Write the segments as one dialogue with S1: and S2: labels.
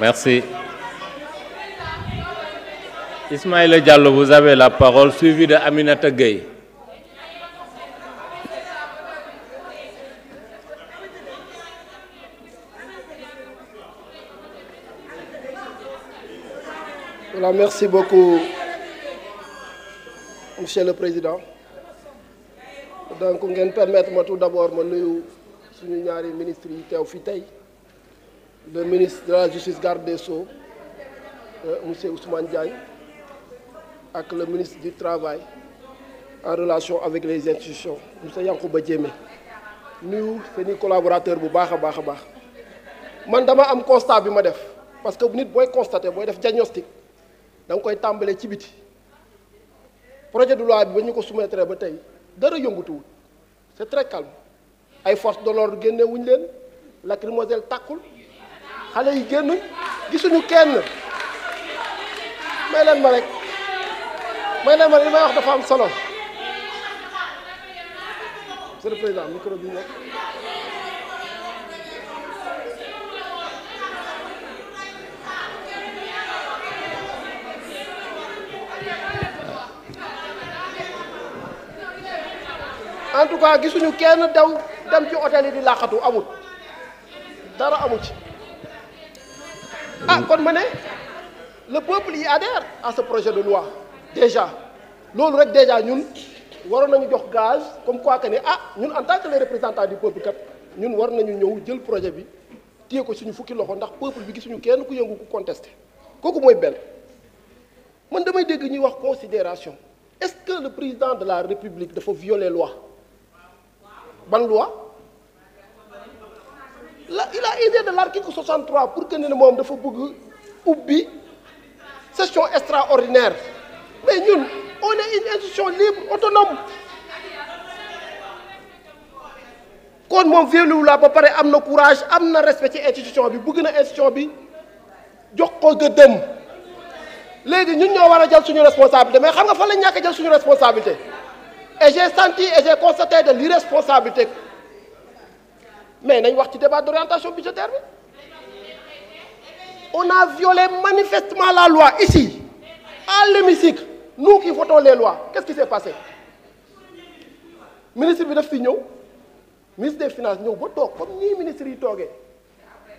S1: Merci. Ismaël Diallo, vous avez la parole, suivi de Aminata Gueye.
S2: Voilà, merci beaucoup,
S1: Monsieur le Président. Donc ngeen permettre ma tout d'abord ma nuyu suñu ñaari ministre yi teew fi tey. le ministre de la Justice garde des Sceaux euh, monsieur Ousmane Diagne ak le ministre du Travail en relation avec les institutions monsieur Yankhoba Diémé nuyu seeni collaborateur bu baax a baax a baax man dama am constat bi ma def parce que bu nit booy constaté booy def diagnostic da nga koy tàmbalee ci biti projet de loi bi ba ñu ko soumettre ba tey dara yëngatuwul c'est très calme ay forces de l'ordre génne wuñ leen lacrymogène takkul xale yi génn gisuñu kenn may leen ma rek may leen ma rek li may wax dafa am solo monsieur le tout cas gisuñu kenn daw dem ci hôtel yi di làqatu amut dara amu ci ah kon ma ne le peuple yi adhère à ce projet de loi déjà loolu rek déjà ñun waroon nañu jox gaz comme quoi que ne ah ñun en tant que les représentants du peuple kat ñun war nañu ñëw jël projet bi téye ko suñu fukki loxo ndax peuple bi gisuñu kenn ku yëngu ku contesté kooku mooy benn man damay dégg ñuy wax considération est-ce que le président de la république dafa violer loi ban loi la il a idée de l'article 63 pour que ne moom dafa bëgg ubbi session extraordinaire mais ñun on est une libre autonome kon moom véluwu laa ba pare am na courage am na respect ci institution bi bëgg na institution bi jox ko gëddëm léegi ñun ñoo war a jël suñu responsabilité mais xam nga fan la ñàkk jël suñu responsabilité et j'ai senti et j'ai constaté de l'irresponsabilité mais nañ wax ci débat d'orientation budgétaire bi on a violé manifestement la loi ici à l'hémicycle nous qui votons les lois qu'est-ce qui s'est passé ministre bi daf fi ñëw ministre de finance ñëw ba toog comme ñii ministre yi toogee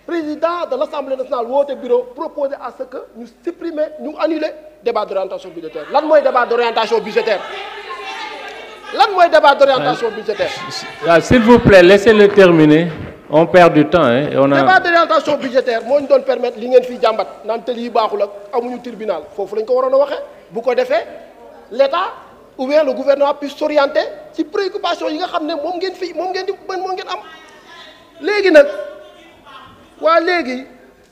S1: président de l'Assemblée nationale woote bureau proposé à ce que ñu supprimer ñu annuler débat d'orientation budgétaire lan mooy débat d'orientation budgétaire lan mooy débat d'orientation budgétaire. waaw ah, s'il vous plaît le terminer on perd du temps hein. on a d'orientation budgétaire moo ñu doon permettre li ngeen fi jàmbat naan te lii baaxul ak amuñu tribunal foofu lañ ko waroon a waxee bu ko defee l'État ou bien le gouvernement puisse s'orienter ci préoccupation yi nga xam ne moom ngeen fi moom ngeen di mën moom ngeen am léegi nag waa léegi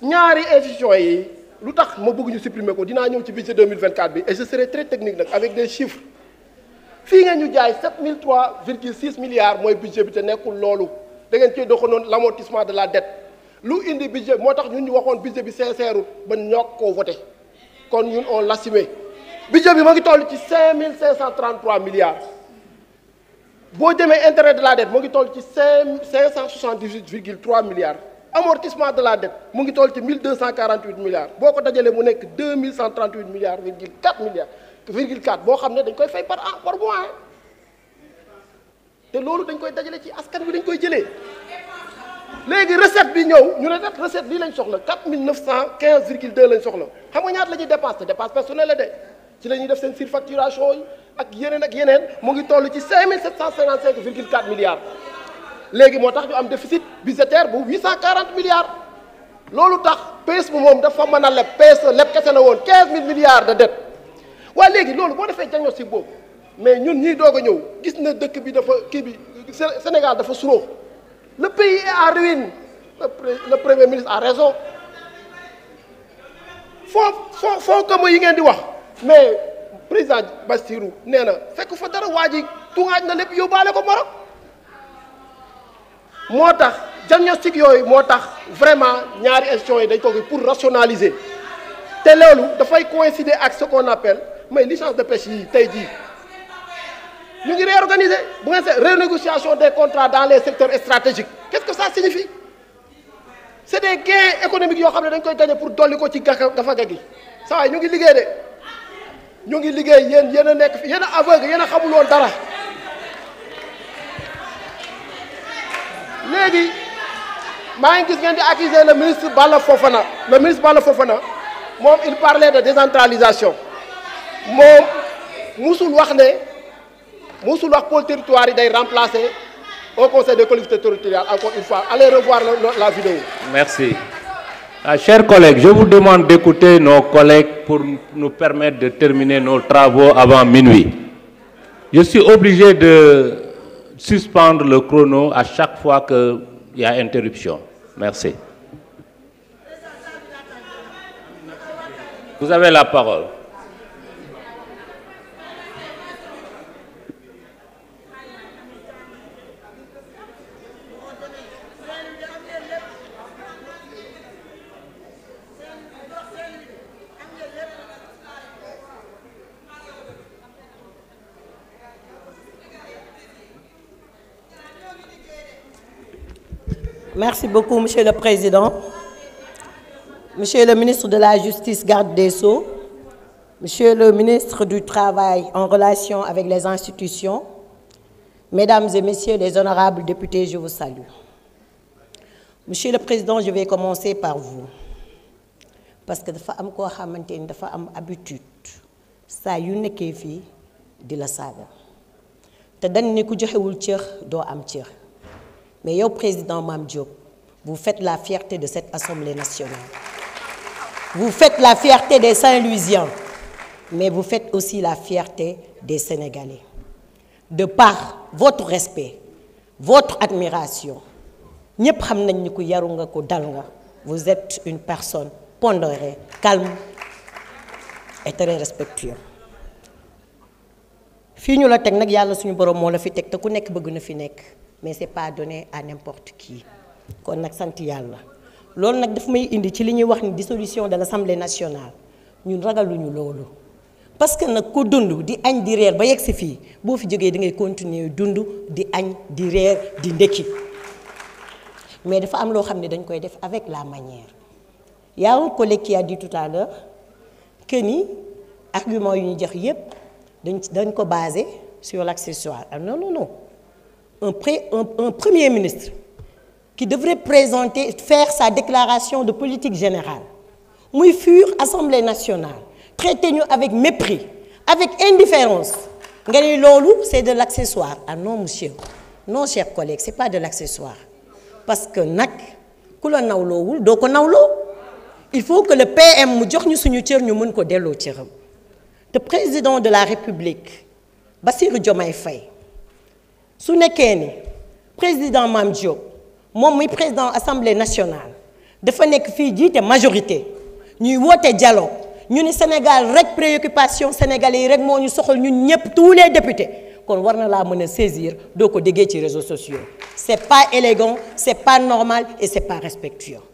S1: ñaari institutions yi lu tax ma bëgg ñu ko dinaa ñëw ci budget bi et je serai très fii nga ñu jaay sept mille trois virgule six milliards mooy budget bi te nekkul loolu da ngeen cee doxanoon l' amortissement de la dette lu indi budget moo tax ñun ñu waxoon budget bi sincère ba ñoo ko voté kon ñun on l' assumé bi ma ngi toll ci cinq mille cinq cent trente trois milliards boo demee intérêt de la dette mu ngi toll ci cinq cinq cent soixante dix huit milliards la dette mu boo ko dajalee mu nekk milliards virgule quatre milliards. virgule 4 boo xam ne dañ koy fay par an par mois te loolu dañ koy dajale ci askan bi dañ koy jëlee léegi recette bi ñëw ñu ne nag recette lii lañ soxla 4915 virgule 2 lañ soxla xam nga ñaata la ñuy dépense te dépense personnelle la de ci la def seen surfacturation yi ak yeneen ak yeneen mu ngi toll ci 5755 virgule 4 milliards léegi moo tax ñu am déficit budgétaire bu 840 cent loolu tax PS bu moom dafa mën a leb PS leb kese la woon 15000 milliards de waa léegi loolu boo defee diagnostic boobu mais ñun ñii doog a ñëw gis na dëkk bi dafa kii bi Sénégal dafa suróo le pays est en ruine le premier ministre a raison foo foo foo ko yi ngeen di wax mais président Bassirou nee na fekk fa dara waa ji tuŋaaj na lépp yóbbaale ko Maroc moo tax diagnostic yooyu moo tax vraiment ñaari institutions yi dañ ko pour rationaliser te loolu dafay coïncider ak ce qu'on mais licence de pêche yi tey jii ñu ngi réorganiser bu ngeen seet renégociation des contrats dans les secteurs stratégiques qu'est-ce que ça signifie c'est des gains économiques yoo xam ne dañ koy gagner pour dolli ko ci gafaga gi saa waay ñu ngi liggéey de ñu ngi liggéey yéen yéen a nekk fi yéen a aveugle yéen a xamuloon dara léegi maa ngi gis ngeen di accuser le ministre Balla Fofana le ministre Balla Fofana moom il parlait de décentralisation moom musul wax ne musul wax pôle territoire yi day au conseil des collectivités territoriales encore une fois allez revoir la vidéo merci ah, chers collègues je vous demande d'écouter nos collègues pour nous permettre de terminer nos travaux avant minuit je suis obligé de suspendre le chrono à chaque fois que il y a interruption merci vous avez la parole
S2: Merci beaucoup, Monsieur le Président. Monsieur le ministre de la Justice, garde des Sceaux, Monsieur le ministre du Travail en relation avec les institutions, Mesdames et Messieurs les honorables députés, je vous salue. Monsieur le Président, je vais commencer par vous. parce que dafa am koo xamante ni dafa am habitude saa yu nekkee fii di la saaga te dañ ne ku joxewul cër doo am cër mais yow président mam Diop vous faites la fierté de cette assemblée nationale vous faites la fierté des Saint-Louisiens mais vous faites aussi la fierté des Sénégalais de par votre respect votre admiration ñëpp xam nañ ni ku yaru nga ko dal nga vous êtes une personne pondérée calme et très respectueuse fii ñu la teg nag yàlla suñu borom moo la fi teg te ku nekk bëgg na fi nekk mais c'est pas donné à n'importe qui kon nag sant yàlla loolu nag daf may indi ci li ñuy wax ni dissolution de l'Assemblée nationale ñun ragaluñu loolu parce que nag ko dund di añ di reer ba yegg si fii boo fi jógee da ngay continuer dund di añ di reer di ndekki mais dafa am loo xam ne dañ koy def avec la manière y a un collègue qui a dit tout que ni argument yu ñu jox yépp dañ dañ ko basé sur l'accessoire ah non non un, pré, un, un, Premier ministre qui devrait présenter, faire sa déclaration de politique générale. Nous fur Assemblée nationale, traitez-nous avec mépris, avec indifférence. C'est de l'accessoire. Ah non, monsieur. Non, chers collègues, ce n'est pas de l'accessoire. Parce que ku la doo ko NAC, il faut que le PM nous dise que nous devons nous faire. Le président de la République, Bassirou jomay fay su nekkee ni président maam Diop moom muy président assemblée nationale dafa nekk fii jiite majorité ñuy woote jaloo ñu ni Sénégal rek préoccupation sénégalais yi rek moo ñu soxal ñun ñëpp tous les députés kon war na laa mën a saisir doo ko déggee ci réseaux sociaux c'est pas élégant c'est pas normal et c'est pas respectueux